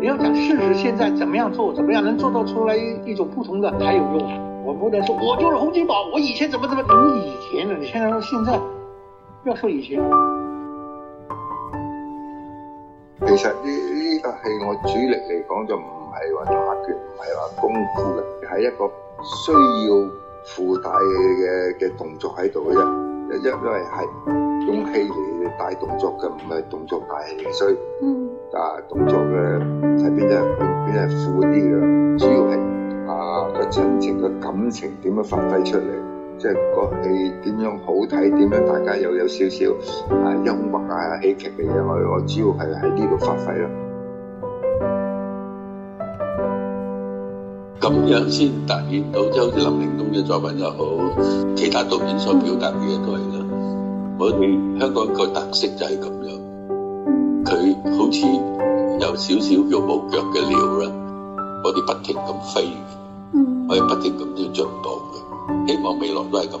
你要講事實，現在怎麼樣做，怎麼樣能做到出來一種不同的才有用。我不能說我就是洪金寶，我以前怎麼怎麼，你以前了。你現在說現在，不要說以前。其實呢，個係我主力嚟講，就唔係話打拳，唔係話功夫嘅，係一個需要附帶嘅動作喺度嘅啫，因為係用氣嚟。大動作嘅唔係動作大戲，所以、嗯、啊動作嘅係邊得人，邊啲啲嘅，主要係啊個親情個感情點樣發揮出嚟，即係個戲點樣好睇，點樣大家又有少少啊幽默啊喜劇嘅嘢，我我主要係喺呢度發揮咯。咁樣先突顯到，將林嶺東嘅作品又好，其他導演所表達嘅嘢都係我哋香港個特色就係咁樣，佢好似有少少叫無腳嘅鳥啦，我哋不停咁飛，我哋不停咁要進步嘅，希望未來都係咁。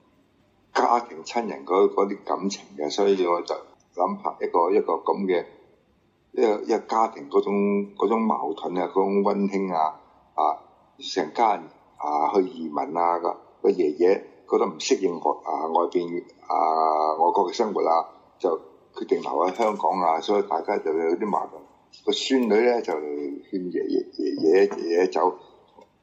家庭親人嗰啲感情嘅，所以我就諗下一個一個咁嘅，一個一個家庭嗰種嗰種矛盾啊，嗰種温馨啊，啊，成家人啊去移民啊，個個爺爺覺得唔適應外啊外邊啊外國嘅生活啊，就決定留喺香港啊，所以大家就有啲矛盾。個孫女咧就勸爺爺爺爺爺爺走，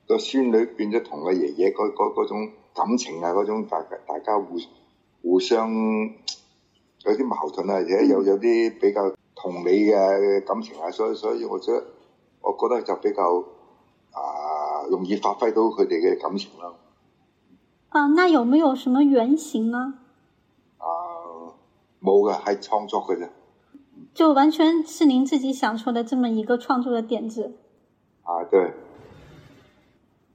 個孫女變咗同個爺爺嗰嗰嗰種感情啊，嗰種大家大家互互相有啲矛盾啊，而有有啲比較同理嘅感情啊，所以所以我覺得我覺得就比較啊容易發揮到佢哋嘅感情咯啊。啊，那有沒有什麼原型呢？啊，冇嘅，係創作嘅啫。就完全是您自己想出的這麼一個創作嘅點子。啊，對。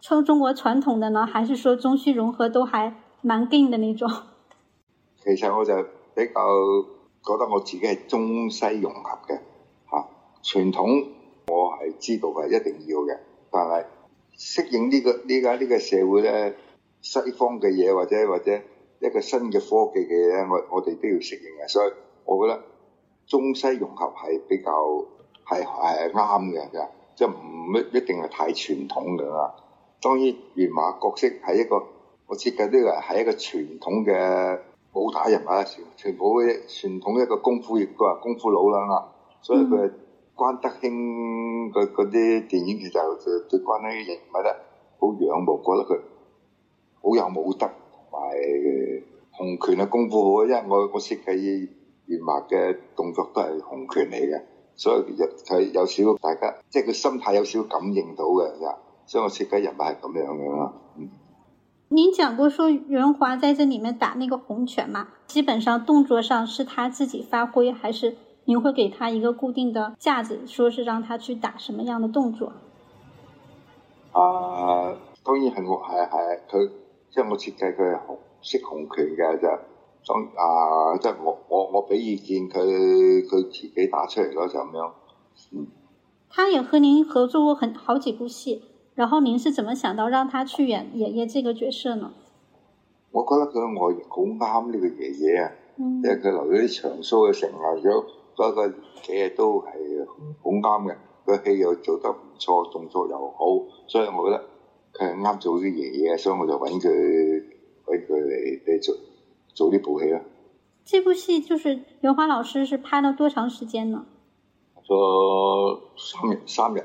稱中國傳統的呢，還是說中西融合都還蠻勁的那種？其實我就比較覺得我自己係中西融合嘅吓，啊、傳統我係知道嘅，係一定要嘅。但係適應呢、這個呢家呢個社會咧，西方嘅嘢，或者或者一個新嘅科技嘅嘢，我我哋都要適應嘅。所以我覺得中西融合係比較係係啱嘅，即係唔一一定係太傳統噶啦。當然，元華角色係一個我設計呢個係一個傳統嘅武打人物，全部嘅傳統一個功夫，亦都係功夫佬啦嘛。所以佢，關德興佢嗰啲電影，其佢就對關德興人物咧好仰慕，覺得佢好有武德同埋洪拳嘅功夫好。因為我我設計元華嘅動作都係洪拳嚟嘅，所以佢有少少大家即係佢心態有少少感應到嘅。所以我設計人物係咁樣嘅啦。嗯，您講過說元華在這裡面打那個紅拳嘛？基本上動作上是他自己發揮，還是您會給他一個固定的架子，說是讓他去打什麼樣的動作？啊，當然係我係係佢，即係我設計佢係紅，識紅拳嘅就，啊，即係我我我俾意見，佢佢自己打出嚟咯就咁樣。嗯，他也和您合作過很好幾部戲。然後您是怎麼想到讓他去演爺爺這個角色呢？我覺得佢外形好啱呢個爺爺啊，因為佢留咗啲長鬚嘅成年長，嗰個嘢都係好啱嘅，個戲又做得唔錯，動作又好，所以我覺得佢係啱做啲爺爺，所以我就揾佢，佢嚟嚟做做呢部戲咯。這部戲就是元華老師是拍咗多長時間呢？咗三日，三日。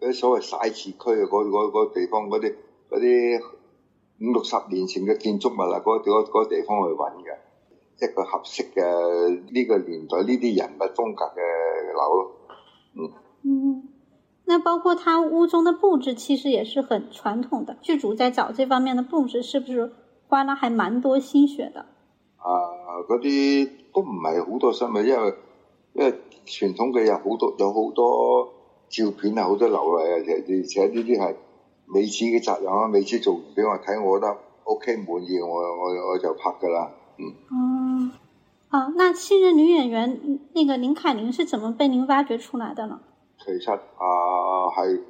啲所謂細市區啊，嗰嗰地方嗰啲啲五六十年前嘅建築物啊，嗰嗰嗰地方去揾嘅一個合適嘅呢個年代呢啲人物風格嘅樓咯，嗯嗯，那包括他屋中嘅布置，其實也是很傳統的。劇組在找這方面的布置，是不是花了還蠻多心血的？啊，嗰啲都唔係好多心嘅，因為因為傳統嘅有好多有好多。照片係好多流嚟啊，而且呢啲係美子嘅責任啊，美子做完俾我睇，我覺得 OK，滿意，我我我就拍噶啦，嗯。哦、嗯，啊，那昔日女演員那個林愷鈴是怎麼被您挖掘出來的呢？其實啊，係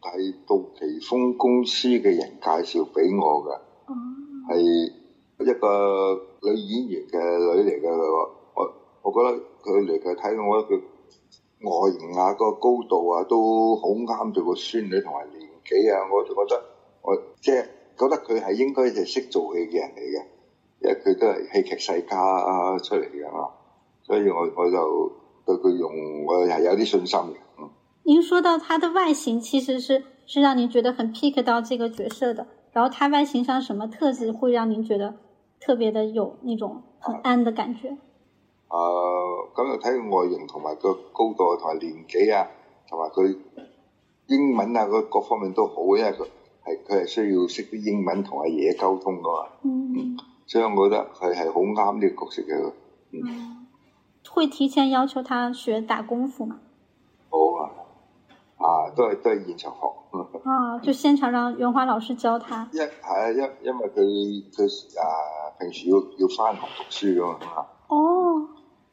係杜琪峰公司嘅人介紹俾我嘅，哦、嗯，係一個女演員嘅女嚟嘅，我我我覺得佢嚟嘅睇，我覺得她來的看我她外形啊，個高度啊，都好啱對個孫女同埋年紀啊，我就覺得我即係覺得佢係應該係識做戲嘅人嚟嘅，因為佢都係戲劇世家、啊、出嚟嘅，所以我我就對佢用我係有啲信心嘅。嗯，您說到他的外形，其實是是讓您覺得很 pick 到這個角色的。然後他外形上什麼特質會讓您覺得特別的有那種很暗的感覺？嗯呃、就的高度啊，咁又睇佢外形同埋個高度同埋年紀啊，同埋佢英文啊，佢各方面都好，因為佢係佢係需要識啲英文同阿爺溝通噶嘛。嗯，嗯，所以我覺得佢係好啱呢個角色嘅。嗯，嗯會提前要求他學打功夫嘛？好、哦、啊，啊，都係都係現場學。呵呵啊，就現場讓元華老師教他。一係、嗯啊啊、因為佢佢啊平時要要返學讀書噶嘛。啊、哦。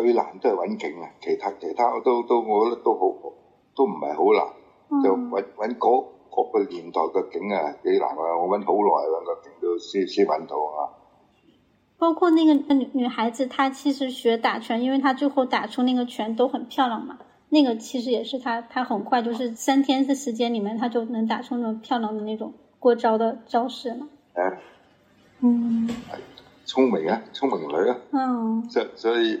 最難都係揾景啊，其他其他都都我覺得都好，都唔係好難。嗯、就揾揾嗰個年代嘅景啊，幾難啊！我揾好耐揾個景都先先揾到啊。包括那個女孩子，她其實學打拳，因為她最後打出那個拳都很漂亮嘛。那個其實也是她，她很快，就是三天嘅時間裡面，她就能打出咁漂亮的那種過招的招式。誒、欸，嗯，係聰明啊，聰明女啊，所、嗯、所以。所以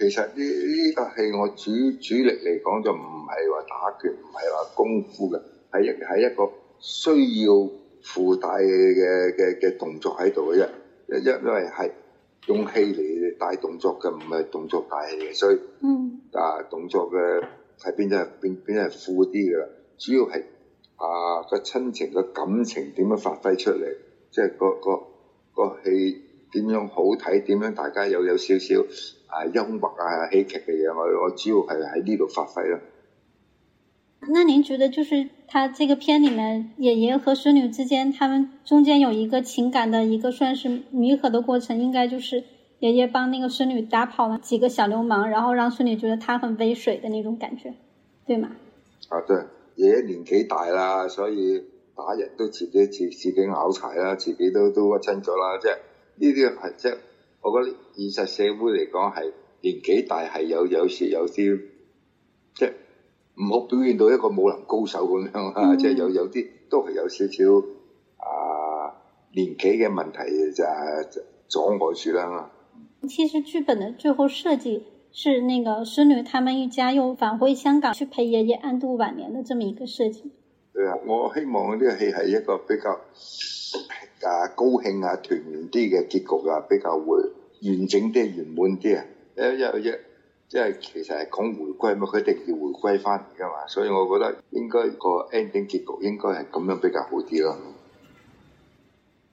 其實呢，呢、呢個戲我主主力嚟講就唔係話打拳，唔係話功夫嘅，係一係一個需要附帶嘅嘅嘅動作喺度嘅啫。因因為係用戲嚟帶動作嘅，唔係動作帶戲嘅，所以、嗯、啊動作嘅係變咗係變變咗係富啲嘅。主要係啊個親情個感情點樣發揮出嚟，即係個個個戲點樣好睇，點樣大家又有少少。啊，幽默啊，喜劇嘅嘢，我我主要係喺呢度發揮啦，啊。那您覺得，就是他這個片裏面，爺爺和孫女之間，他們中間有一個情感的一個算是彌合的過程，應該就是爺爺幫那個孫女打跑了幾個小流氓，然後讓孫女覺得他很威水的那種感覺，對嗎？啊，對，爺爺年紀大啦，所以打人都自己自己自己拗柴啦，自己都都屈親咗啦，即係呢啲係即我覺得現實社會嚟講係年紀大係有有時有啲即係唔好表現到一個武林高手咁樣、嗯、就是是啊，即係有有啲都係有少少啊年紀嘅問題就阻礙住啦。其實劇本嘅最後設計是那個孫女他們一家又返回香港去陪爺爺安度晚年嘅這麼一個設計。誒，我希望呢個戲係一個比較啊高興啊團圓啲嘅結局啊，比較會完整啲、圓滿啲啊！一一一，即係其實係講回歸嘛，佢一定要回歸翻嚟噶嘛，所以我覺得應該個 ending 結，結局應該係咁樣比較好啲咯。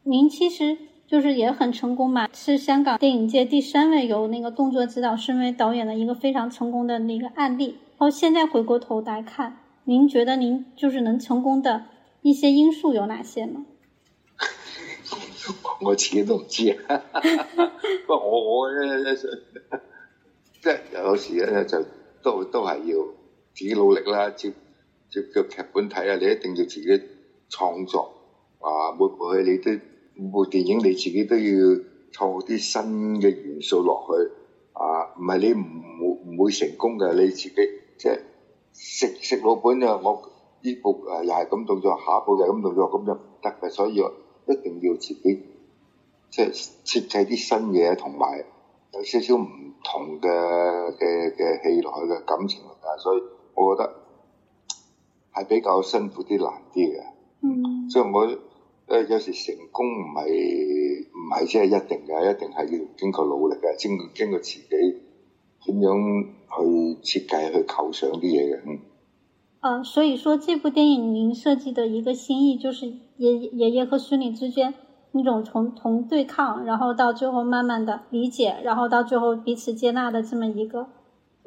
您其實就是也很成功嘛，是香港電影界第三位由那個動作指導升為導演的一個非常成功的那個案例。好，現在回過頭來看。您覺得您就是能成功的一些因素有哪些呢？ 我自己都唔知，不過我我咧咧，即係有時咧就都都係要自己努力啦，接接腳劇本睇啊，你一定要自己創作啊，每部戲你都每部電影你自己都要創啲新嘅元素落去啊，唔係你唔會唔會成功嘅，你自己即係。食食老本就我呢部誒又係咁動作，下一部又咁動作，咁就唔得嘅。所以一定要自己即係設計啲新嘢，還有一些不同埋有少少唔同嘅嘅嘅戲落去嘅感情啊。所以我覺得係比較辛苦啲、難啲嘅。嗯，即係我誒有時成功唔係唔係即係一定嘅，一定係要經過努力嘅，經過經過自己點樣。去設計去構想啲嘢嘅，嗯，啊，所以說這部電影您設計的一個心意，就是爺爺爺和孫女之間那種從從對抗，然後到最後慢慢的理解，然後到最後彼此接納的這麼一個，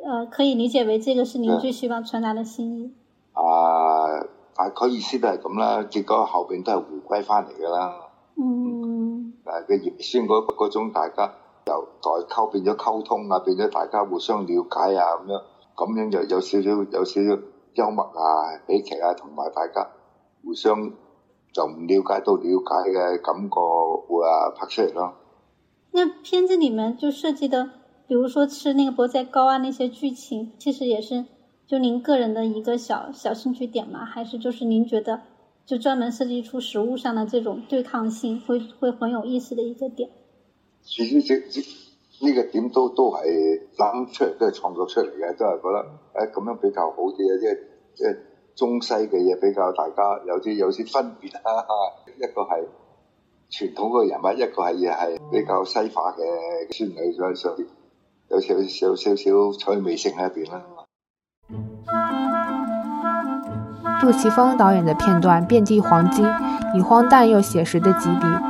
呃、啊，可以理解為這個是您最希望傳達的心意。啊，大概意思都係咁啦，結果後邊都係回歸翻嚟噶啦。嗯。但係嘅葉酸嗰嗰種大家。由代溝變咗溝通啊，變咗大家互相了解啊，咁樣咁樣就有少少有少少幽默啊、喜劇啊，同埋大家互相就唔了解到了解嘅感覺會啊拍出嚟咯。那片子裡面就設計的，比如說吃那個缽仔糕啊，那些劇情，其實也是就您個人的一個小小興趣點嘛，還是就是您覺得就專門設計出食物上的這種對抗性，會會很有意思的一個點。呢啲即個點都都係諗出嚟，都係創作出嚟嘅，都係覺得誒咁、哎、樣比較好啲啊！即、就、即、是就是、中西嘅嘢比較，大家有啲有啲分別啊。一個係傳統嘅人物，一個係嘢係比較西化嘅處理咗喺上邊，有少少少少趣味性喺入邊啦、啊。杜琪峰導演嘅片段遍地黃金，以荒誕又寫實的幾筆。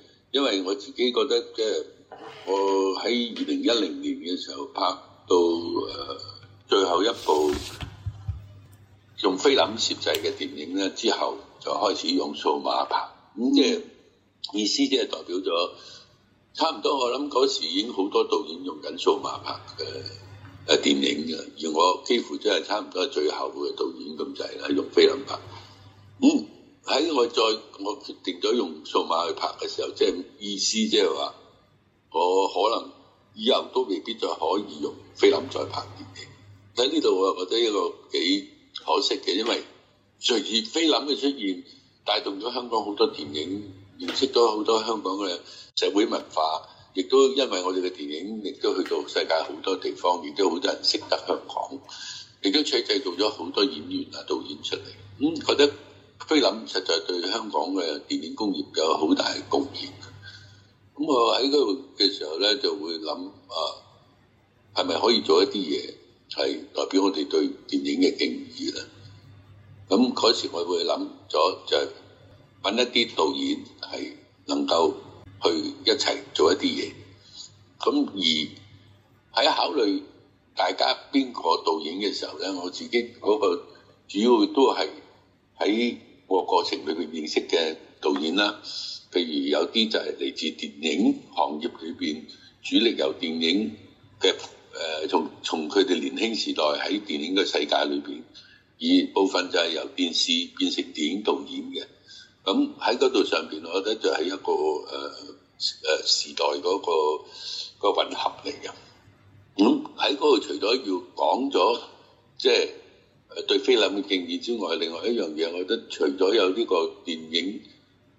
因為我自己覺得即係我喺二零一零年嘅時候拍到誒最後一部用菲林攝製嘅電影咧，之後就開始用數碼拍，咁即係意思即係代表咗差唔多。我諗嗰時已經好多導演用緊數碼拍嘅誒電影嘅，而我幾乎即係差唔多最後嘅導演咁滯就係用菲林拍。嗯。喺我再我決定咗用數碼去拍嘅時候，即係意思即係話，我可能以後都未必再可以用菲林再拍電影。喺呢度我又覺得一個幾可惜嘅，因為隨住菲林嘅出現，帶動咗香港好多電影，認識咗好多香港嘅社會文化，亦都因為我哋嘅電影，亦都去到世界好多地方，亦都好多人識得香港，亦都取製造咗好多演員啊導演出嚟，咁、嗯、覺得。菲林，實在對香港嘅電影工業有好大嘅貢獻。咁我喺嗰度嘅時候咧，就會諗啊，係咪可以做一啲嘢，係代表我哋對電影嘅敬意咧？咁嗰時我會諗咗，就係搵一啲導演係能夠去一齊做一啲嘢。咁而喺考慮大家邊個導演嘅時候咧，我自己嗰個主要都係喺。個過程裏邊認識嘅導演啦，譬如有啲就係嚟自電影行業裏邊主力由電影嘅誒，從從佢哋年輕時代喺電影嘅世界裏邊，而部分就係由電視變成電影導演嘅，咁喺嗰度上邊，我覺得就係一個誒誒、呃、時代嗰、那個個混合嚟嘅。咁喺嗰度除咗要講咗，即係。誒，對菲林嘅敬意之外，另外一樣嘢，我覺得除咗有呢個電影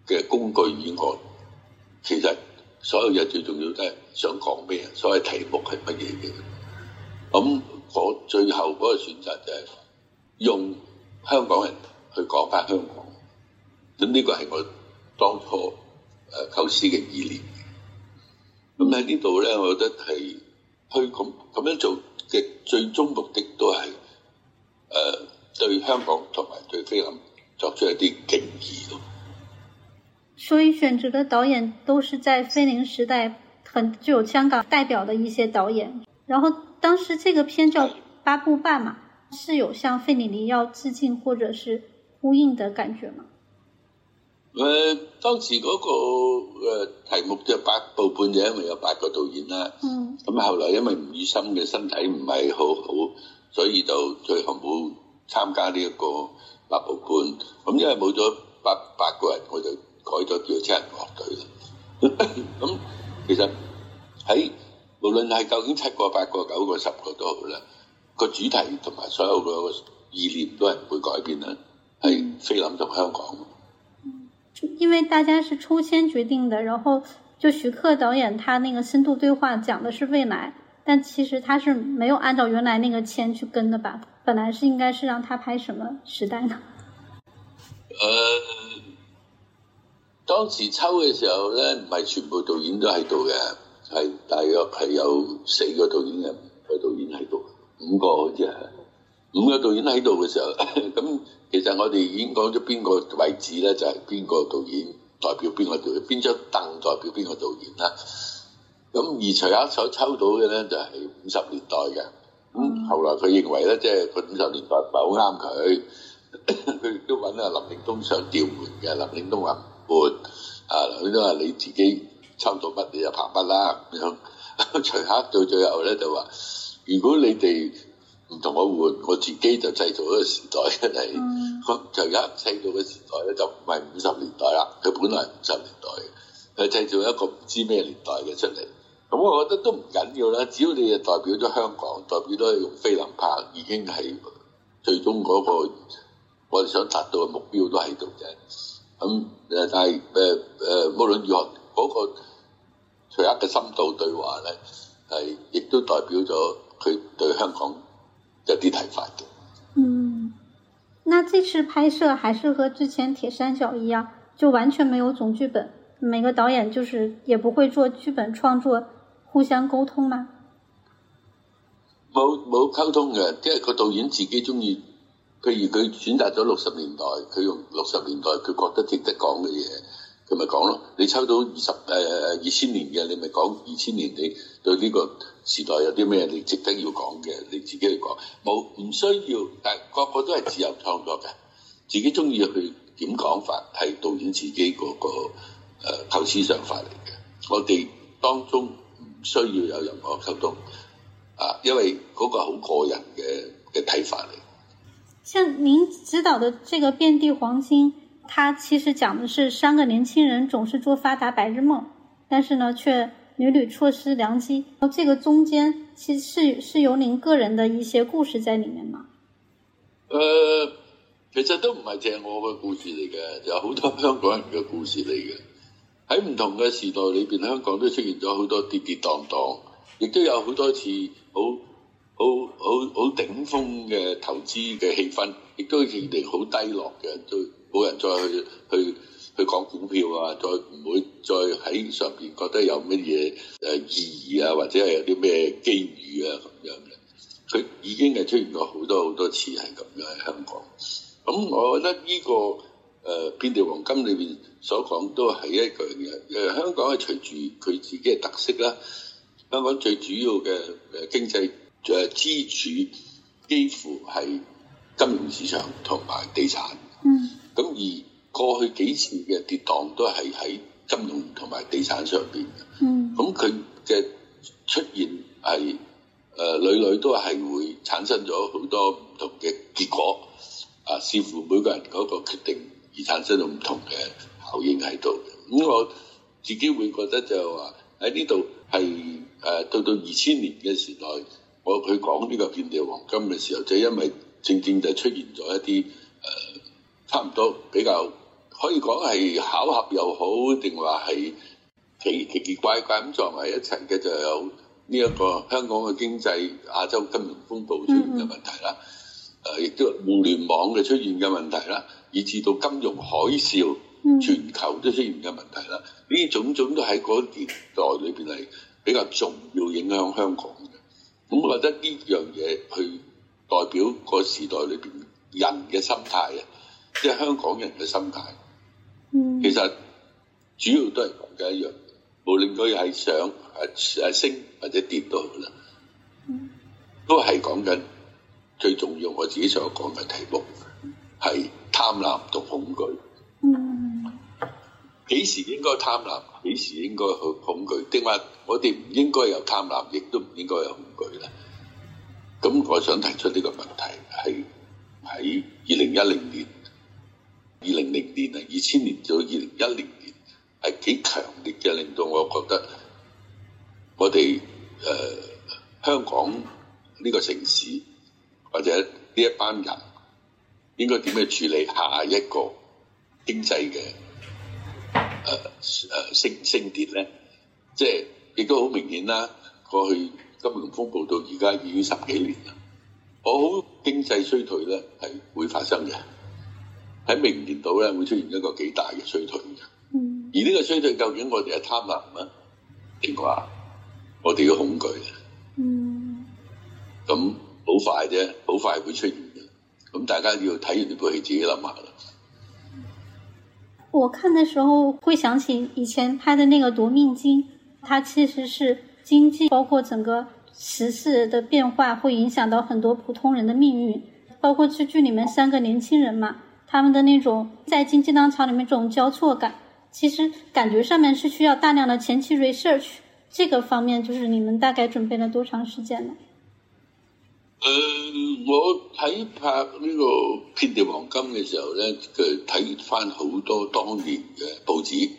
嘅工具以外，其實所有嘢最重要都係想講咩？所謂題目係乜嘢嘅？咁、嗯、我最後嗰個選擇就係用香港人去講翻香港。咁、嗯、呢、呢個係我當初誒、呃、構思嘅意念。咁、嗯、喺呢度咧，我覺得係去咁咁樣做嘅最終目的都係。誒、呃，對香港同埋對菲林作出一啲敬意咯。所以選擇嘅導演都是在菲林時代很具有香港代表的一些導演。然後當時這個片叫八部半嘛，是，是有向費里尼要致敬或者是呼應的感覺嗎？誒、呃，當時嗰、那個誒、呃、題目叫八部半就因為有八個導演啦。嗯。咁、嗯、後來因為吳宇森嘅身體唔係好好。所以就最後冇參加呢一個八部半，咁因為冇咗八八個人，我就改咗叫七人樂隊啦。咁 其實喺無論係究竟七個、八個、九個、十個都好啦，個主題同埋所有嘅意念都係唔會改變啦，係菲林同香港。嗯，因為大家是抽簽決定的，然後就徐克導演他那個深度對話講的是未來。但其實他是沒有按照原來那個簽去跟的吧？本來是應該是讓他拍什麼時代呢？呃，當時抽嘅時候呢，唔係全部導演都喺度嘅，係大約係有四個導演嘅導演喺度，五個好似係，五個導演喺度嘅時候，咁 其實我哋已經講咗邊個位置呢？就係、是、邊個導演代表邊個導演，邊張凳代表邊個導演啦。咁而徐克所抽到嘅咧就係五十年代嘅，咁、嗯、後來佢認為咧，即係佢五十年代唔係好啱佢，佢都揾阿林嶺東想調換嘅，林嶺東話唔換，啊佢都話你自己抽到乜你就拍乜啦咁樣，徐克到最，最後咧就話：如果你哋唔同我換，我自己就製造一個時代出嚟。咁有、嗯、徐克製造嘅時代咧就唔係五十年代啦，佢本來係五十年代嘅，佢製造一個唔知咩年代嘅出嚟。咁我覺得都唔緊要啦，只要你係代表咗香港，代表咗係用菲林拍，已經係最終嗰個我哋想達到嘅目標都喺度嘅。咁、嗯、誒，但係誒誒，無論如何，嗰、那個徐克嘅深度對話咧，係亦都代表咗佢對香港有啲睇法嘅。嗯，那這次拍攝還是和之前《鐵三角》一樣，就完全沒有總劇本，每個導演就是也不會做劇本創作。互相溝通嗎？冇冇溝通嘅，即係個導演自己中意。譬如佢選擇咗六十年代，佢用六十年代，佢覺得值得講嘅嘢，佢咪講咯。你抽到二十誒二千年嘅，你咪講二千年你對呢個時代有啲咩你值得要講嘅，你自己去講冇唔需要。但係個個都係自由創作嘅，自己中意去點講法係導演自己嗰個誒構思想法嚟嘅。我哋當中需要有任何溝通啊，因為嗰個好個人嘅嘅睇法嚟。像您指導的這個《遍地黃金》，它其實講的是三個年輕人總是做發達白日夢，但是呢，卻屢屢錯失良機。哦，這個中間其實是由您個人的一些故事在裡面嘛？呃，其實都唔係淨係我嘅故事嚟嘅，有好多香港人嘅故事嚟嘅。喺唔同嘅時代裏邊，香港都出現咗好多跌跌蕩蕩，亦都有好多次好好好好頂峰嘅投資嘅氣氛，亦都越嚟越好低落嘅，都冇人再去去去講股票啊，再唔會再喺上邊覺得有乜嘢誒意義啊，或者係有啲咩機遇啊咁樣嘅。佢已經係出現咗好多好多次係咁樣喺香港。咁我覺得呢個。誒邊地黃金裏邊所講都係一樣嘅，誒香港係隨住佢自己嘅特色啦。香港最主要嘅誒經濟誒支柱，幾乎係金融市場同埋地產。嗯。咁而過去幾次嘅跌盪都係喺金融同埋地產上邊。嗯。咁佢嘅出現係誒屢屢都係會產生咗好多唔同嘅結果，啊，視乎每個人嗰個決定。而產生咗唔同嘅效應喺度嘅，咁我自己會覺得就係話喺呢度係誒到到二千年嘅時代，我佢講呢個遍地黃金嘅時候，就因為正正就出現咗一啲誒差唔多比較可以講係巧合又好，定話係奇奇奇怪怪咁撞埋一齊嘅，就有呢一個香港嘅經濟亞洲金融風暴出現嘅問題啦。嗯嗯誒，亦都互聯網嘅出現嘅問題啦，以至到金融海嘯，全球都出現嘅問題啦，呢、嗯、種種都喺嗰年代裏邊，係比較重要影響香港嘅。咁我覺得呢樣嘢去代表個時代裏邊人嘅心態嘅，即、就、係、是、香港人嘅心態。嗯、其實主要都係講緊一樣，無論佢係上啊啊升或者跌都好啦，都係講緊。最重要我自己所講嘅題目係貪婪同恐懼，幾時應該貪婪，幾時應該去恐懼，定話我哋唔應該有貪婪，亦都唔應該有恐懼啦。咁我想提出呢個問題，係喺二零一零年、二零零年啊、二千年到二零一零年，係幾強烈嘅，令到我覺得我哋誒、呃、香港呢個城市。或者呢一班人應該點樣處理下一個經濟嘅誒誒升升跌咧？即係亦都好明顯啦。過去金融風暴到而家已經十幾年啦。我好經濟衰退咧，係會發生嘅。喺明年度咧，會出現一個幾大嘅衰退嘅。而呢個衰退究竟我哋係貪婪啊？定話我哋嘅恐懼啊？嗯。咁。好快嘅，好快會出現嘅。咁大家要睇完啲劇情自己諗下啦。我看的時候會想起以前拍的那個奪命金，它其實是經濟包括整個時事的變化會影響到很多普通人的命運，包括去劇裏面三個年輕人嘛，他們的那種在經濟當潮裏面這種交錯感，其實感覺上面是需要大量的前期 research。這個方面就是你們大概準備了多長時間呢？誒、呃，我睇拍呢、這個遍地黃金嘅時候咧，佢睇翻好多當年嘅報紙，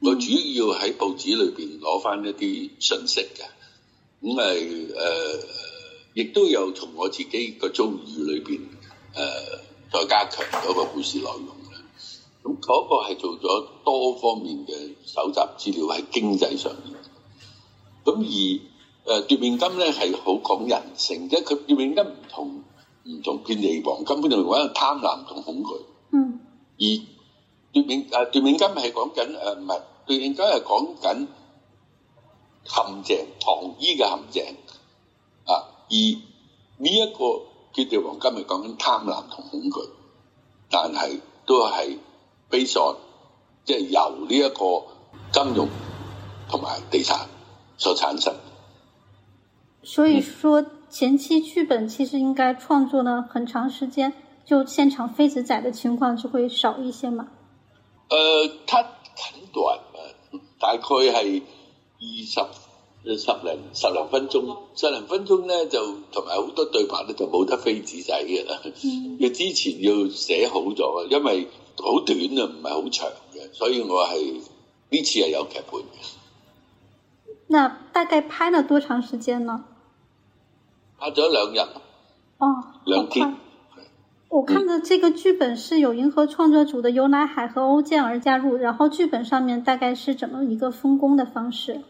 我主要喺報紙裏邊攞翻一啲信息嘅。咁係誒，亦、呃、都有從我自己個遭遇裏邊誒、呃，再加強嗰個故事內容嘅，咁、那、嗰個係做咗多方面嘅搜集資料喺經濟上面，咁而。誒、啊、奪命金咧係好講人性啫，佢奪命金唔同唔同遍地黃金，本就係揾個貪婪同恐懼。嗯，而奪命誒、啊、奪命金係講緊誒，唔係奪命金係講緊陷阱，糖衣嘅陷阱，陷阱啊！而呢、這、一個遍地黃金係講緊貪婪同恐懼，但係都係 based on，即係由呢一個金融同埋地產所產生的。所以說前期劇本其實應該創作呢很長時間，就現場飛紙仔的情況就會少一些嘛、嗯。呃 c 很短啊，大概係二十、十零、十零分鐘，嗯、十零分鐘呢，就同埋好多對白呢，就冇得飛紙仔嘅啦。要、嗯、之前要寫好咗啊，因為好短啊，唔係好長嘅，所以我係呢次係有劇本嘅。那大概拍了多長時間呢？拍咗兩日，哦，兩天。哦、兩天我看到是這個劇本是有銀河創作組的游乃海和歐健兒加入，嗯、然後劇本上面大概是怎麼一個分工的方式？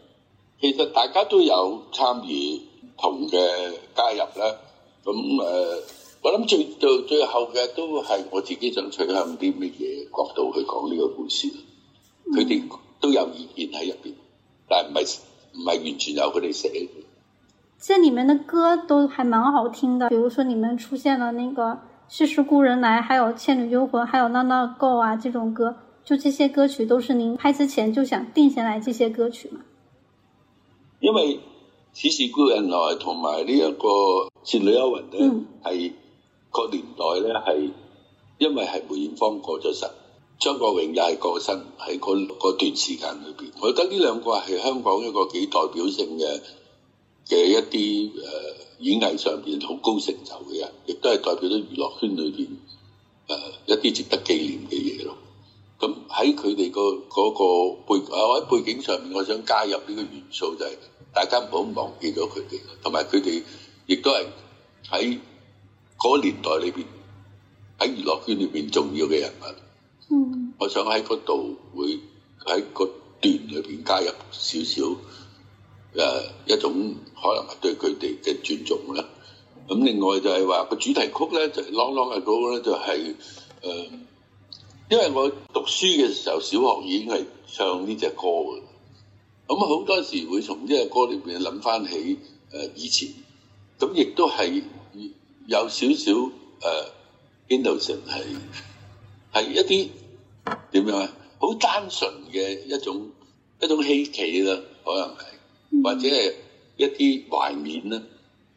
其實大家都有參與同嘅加入啦。咁誒、呃，我諗最到最後嘅都係我自己想取向啲乜嘢角度去講呢個故事佢哋，嗯、都有意見喺入邊，但係唔係唔係完全由佢哋寫。這裏面的歌都還蠻好聽的，比如說你們出現了那個《似是故人來》，還有《倩女幽魂》，還有《Long long ago》啊，這種歌，就這些歌曲都是您拍之前就想定下來這些歌曲嘛？因為《似是故人來》同埋呢一個《倩女幽魂》咧，係、嗯、個年代咧，係因為係梅艷芳過咗身，張國榮又係過身，喺嗰嗰段時間裏邊，我覺得呢兩個係香港一個幾代表性嘅。嘅一啲誒演藝上邊好高成就嘅人，亦都係代表咗娛樂圈裏邊誒一啲值得紀念嘅嘢咯。咁喺佢哋個嗰個背啊，我喺背景上面，我想加入呢個元素就係、是、大家唔好忘記咗佢哋，同埋佢哋亦都係喺嗰年代裏邊喺娛樂圈裏邊重要嘅人物。嗯，我想喺嗰度會喺個段裏邊加入少少。誒一種可能係對佢哋嘅尊重啦。咁另外就係話個主題曲咧，就 Long Long Ago 嘅歌。個咧就係誒，因為我讀書嘅時候，小學已經係唱呢隻歌嘅。咁好多時候會從呢個歌裏邊諗翻起誒以前。咁亦都係有少少誒邊度成係係一啲點樣啊？好單純嘅一,一種一種稀奇啦，可能係。或者係一啲懷念啦，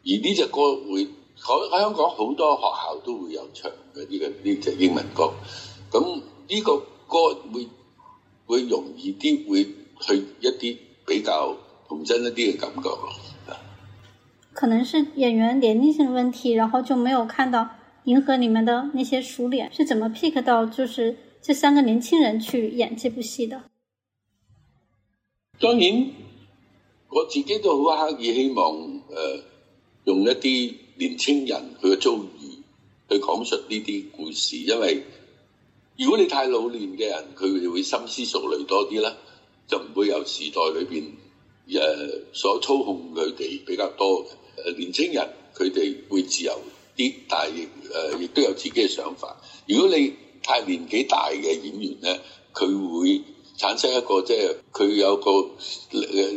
而呢隻歌會喺喺香港好多學校都會有唱嘅呢個呢隻英文歌，咁呢個歌會會容易啲會去一啲比較童真一啲嘅感覺。可能是演員連貫性的問題，然後就沒有看到《銀河》裡面的那些熟臉，是怎麼 pick 到就是這三個年輕人去演這部戲的？張寧、嗯。當我自己都好刻意希望誒、呃、用一啲年青人佢嘅遭遇去講述呢啲故事，因為如果你太老年嘅人，佢哋會深思熟慮多啲啦，就唔會有時代裏邊誒、呃、所操控佢哋比較多嘅。誒、呃、年青人佢哋會自由啲，但係誒亦都有自己嘅想法。如果你太年紀大嘅演員咧，佢會。產生一個即係佢有個誒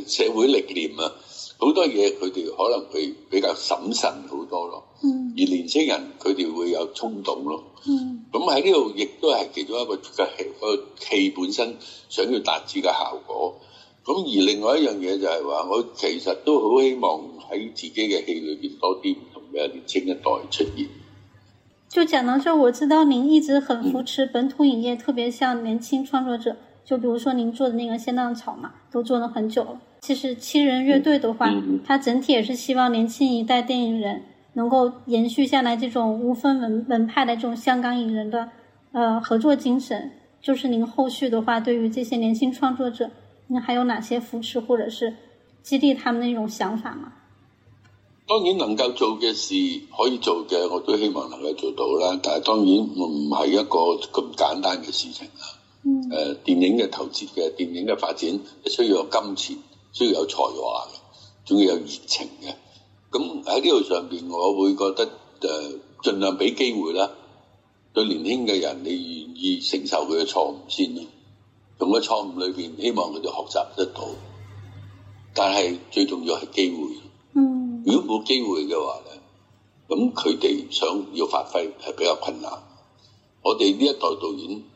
社會歷練啊，好多嘢佢哋可能會比較審慎好多咯。嗯。而年青人佢哋會有衝動咯。嗯。咁喺呢度亦都係其中一個嘅戲，個戲本身想要達至嘅效果。咁而另外一樣嘢就係話，我其實都好希望喺自己嘅戲裏邊多啲唔同嘅年青一代出現。就講到就我知道您一直很扶持本土影業，嗯、特別像年青創作者，就比如說您做的那個《鮮浪潮》嘛，都做了很久了。其實七人樂隊的話，嗯嗯、它整體也是希望年輕一代電影人能夠延續下來這種無分門派的這種香港影人的呃合作精神。就是您後續的話，對於這些年輕創作者，您還有哪些扶持或者是激勵他們的一種想法嗎？當然能夠做嘅事，可以做嘅，我都希望能夠做到啦。但係當然唔係一個咁簡單嘅事情啊。誒、嗯、電影嘅投資嘅電影嘅發展，需要有金錢，需要有才華嘅，仲要有熱情嘅。咁喺呢度上面，我會覺得就、呃、盡量俾機會啦。對年輕嘅人，你願意承受佢嘅錯誤先咯。從個錯誤裏邊，希望佢哋學習得到。但係最重要係機會。嗯。如果冇機會嘅話咧，咁佢哋想要發揮係比較困難。我哋呢一代導演。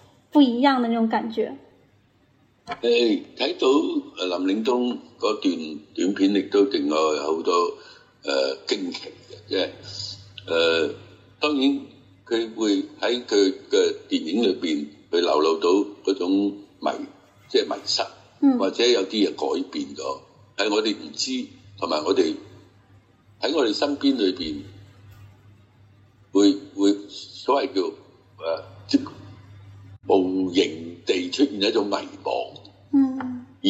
不一樣的那種感覺。誒，睇到誒林嶺東嗰段短片，亦都另外有好多誒驚奇嘅，即係誒，當然佢會喺佢嘅電影裏邊，去流露到嗰種迷，即係迷失，或者有啲嘢改變咗喺我哋唔知，同埋我哋喺我哋身邊裏邊會會所謂叫誒。無形地出現一種迷茫，嗯，而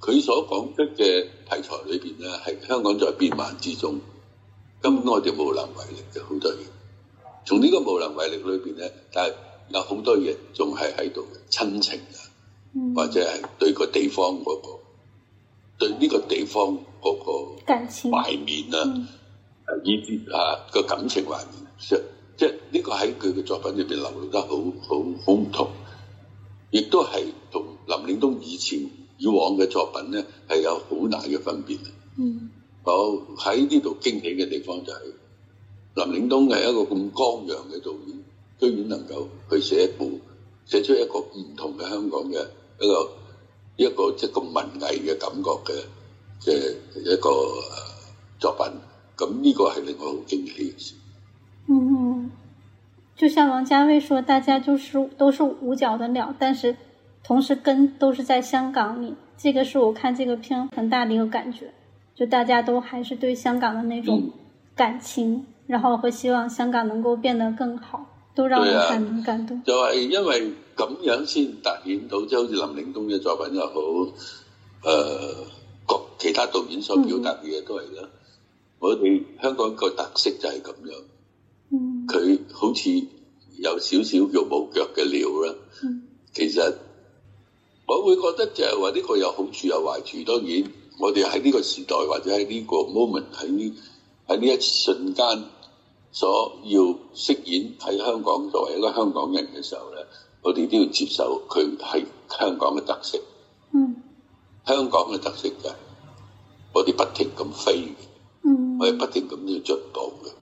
佢所講出嘅題材裏邊咧，係香港在變幻之中，咁我哋無能為力嘅好多嘢，從呢個無能為力裏邊咧，但係有好多嘢仲係喺度嘅親情啊，嗯、或者係對個地方嗰、那個，對呢個地方嗰個感情懷緬啊，呢啲啊個感情懷、嗯啊、緬。即呢個喺佢嘅作品入面流露得好好好唔同，亦都係同林嶺東以前以往嘅作品咧係有好大嘅分別。嗯。好喺呢度驚喜嘅地方就係，是，林嶺東係一個咁剛陽嘅導演，居然能夠去寫一部寫出一個唔同嘅香港嘅一個一個，一個即係咁文藝嘅感覺嘅嘅一個作品，咁呢個係令我好驚喜嘅事。嗯。就像王家衛說，大家就是都是無腳的鳥，但是同時根都是在香港裏。這個是我看這個片很大的一個感覺，就大家都還是對香港的那種感情，嗯、然後和希望香港能夠變得更好，都讓我很感動。啊、就係、是、因為咁樣先凸顯到，即、就、係、是、好似林嶺東嘅作品又好，誒、呃，各其他導演所表達嘅嘢都係咯。嗯、我哋香港個特色就係咁樣。佢、嗯、好似有少少叫無腳嘅鳥啦，嗯、其實我會覺得就係話呢個有好處有壞處。當然，我哋喺呢個時代或者喺呢個 moment 喺呢喺呢一瞬間所要飾演喺香港作為一個香港人嘅時候咧，我哋都要接受佢係香港嘅特色，嗯、香港嘅特色嘅，我哋不停咁飛，嗯、我哋不停咁要進步嘅。